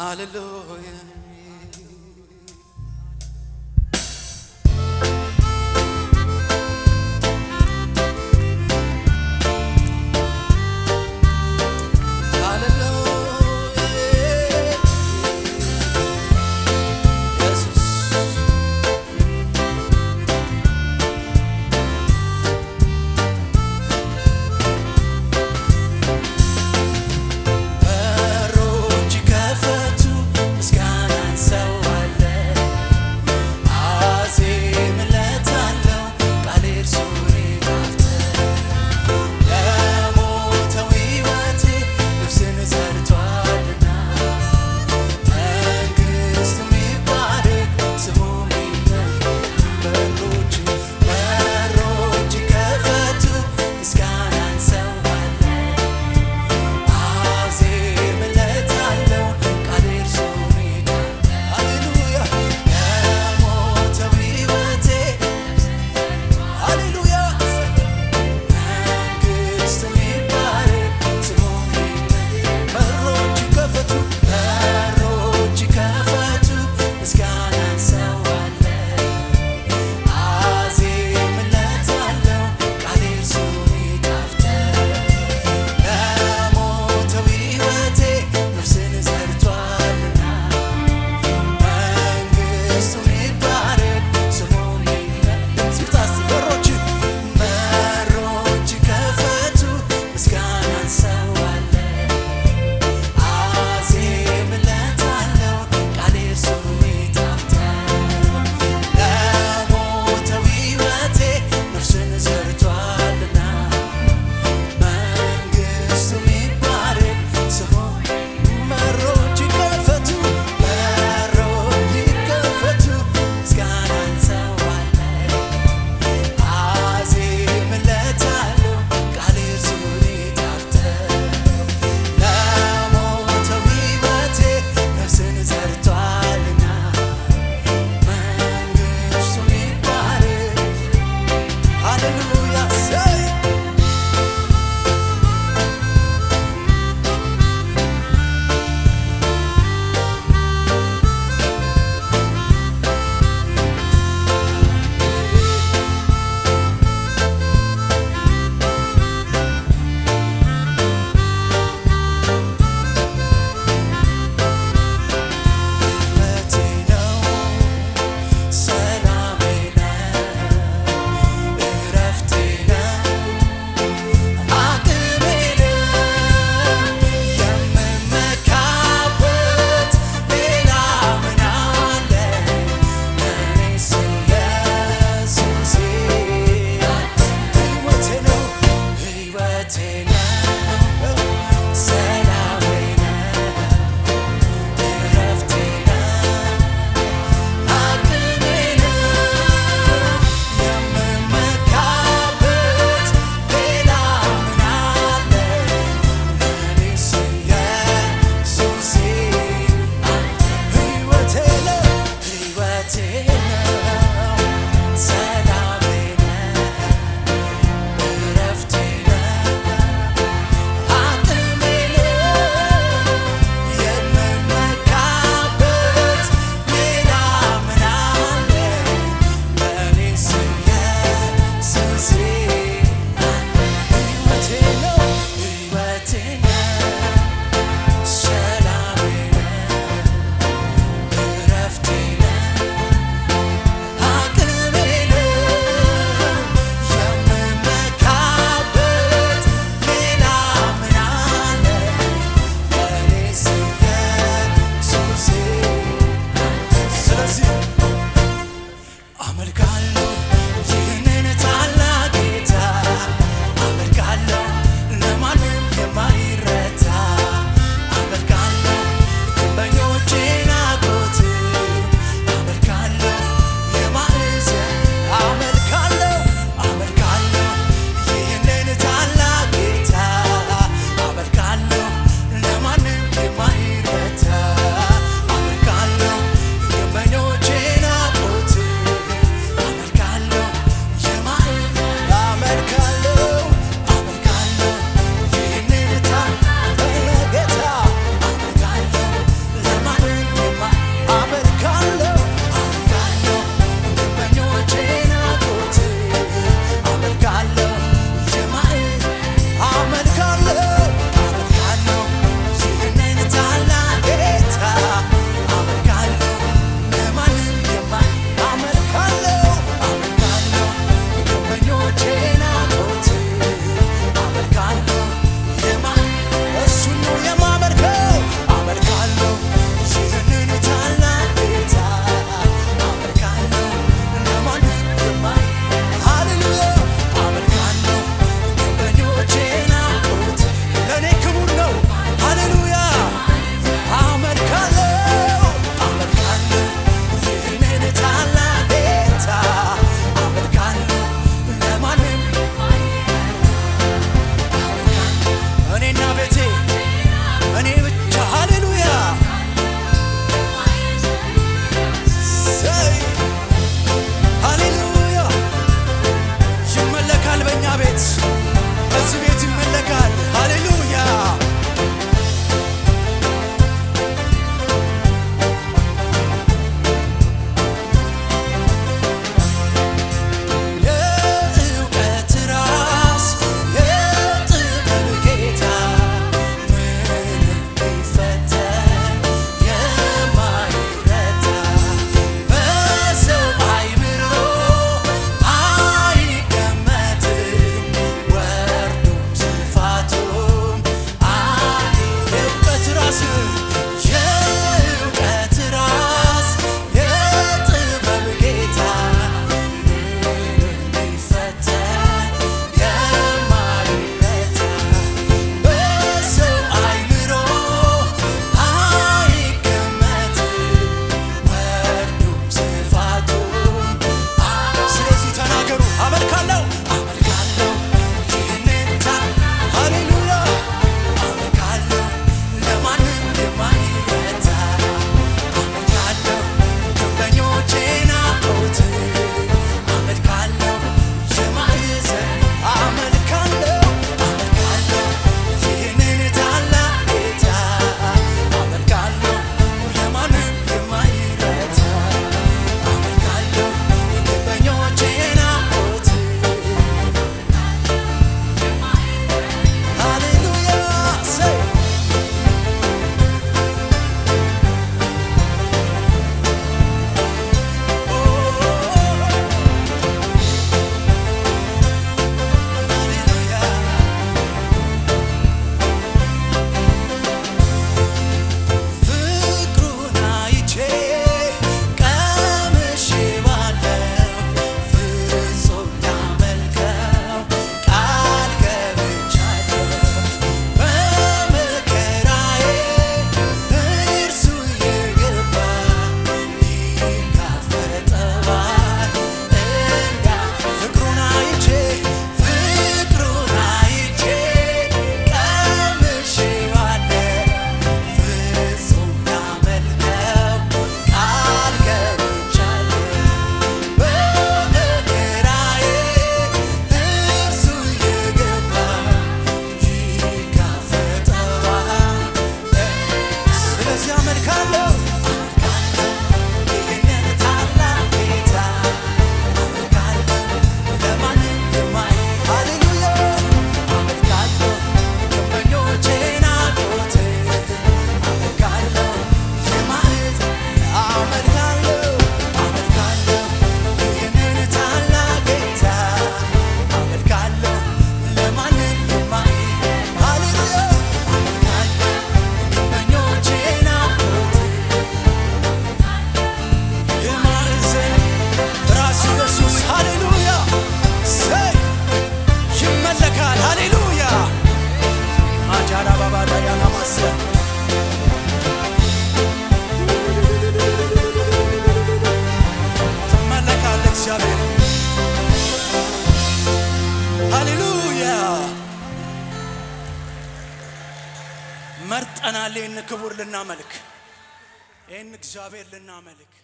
ሃሌሉያ dança ቀን ይህን ክቡር ልናመልክ ይህን እግዚአብሔር ልናመልክ